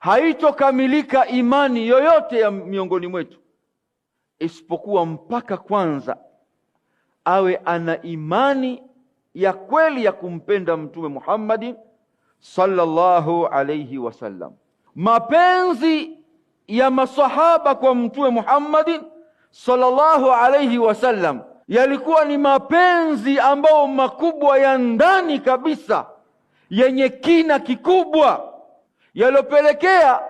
haitokamilika imani yoyote ya miongoni mwetu isipokuwa mpaka kwanza awe ana imani ya kweli ya kumpenda Mtume Muhammadi sallallahu alayhi wasallam. Mapenzi ya masahaba kwa Mtume Muhammadi sallallahu alayhi wasallam yalikuwa ni mapenzi ambayo makubwa ya ndani kabisa yenye kina kikubwa yaliyopelekea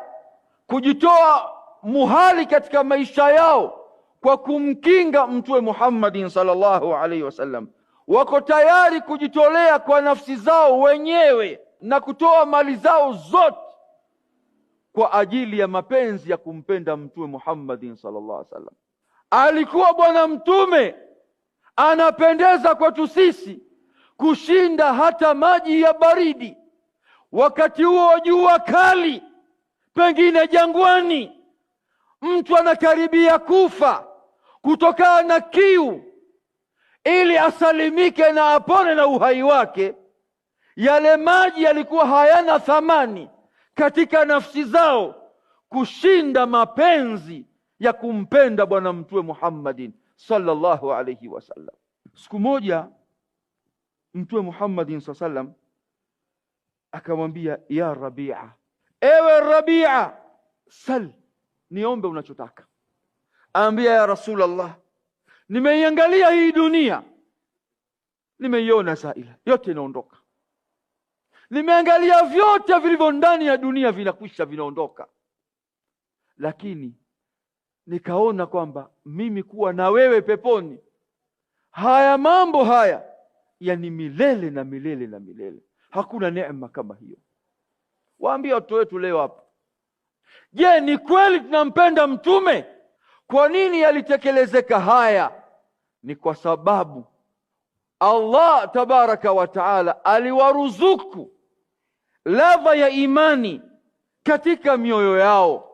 kujitoa muhali katika maisha yao kwa kumkinga Mtume Muhammadin sallallahu alaihi wasallam. Wako tayari kujitolea kwa nafsi zao wenyewe na kutoa mali zao zote kwa ajili ya mapenzi ya kumpenda Mtume Muhammadin sallallahu alaihi wasallam. Alikuwa Bwana Mtume anapendeza kwetu sisi kushinda hata maji ya baridi wakati huo jua kali, pengine jangwani, mtu anakaribia kufa kutokana na kiu, ili asalimike na apone na uhai wake. Yale maji yalikuwa hayana thamani katika nafsi zao kushinda mapenzi ya kumpenda Bwana Mtume Muhammadin sallallahu alaihi wasallam. Siku moja Mtume Muhammadin sallallahu alaihi wasallam akamwambia ya Rabia, ewe Rabia, sal, niombe unachotaka. Aambia ya Rasulullah, nimeiangalia hii dunia, nimeiona zaila yote inaondoka, nimeangalia vyote vilivyo ndani ya dunia vinakwisha, vinaondoka, lakini nikaona kwamba mimi kuwa na wewe peponi, haya mambo haya yani milele na milele na milele Hakuna neema kama hiyo. Waambie watoto wetu leo hapa, je, ni kweli tunampenda Mtume? Kwa nini yalitekelezeka haya? Ni kwa sababu Allah tabaraka wa taala aliwaruzuku ladha ya imani katika mioyo yao.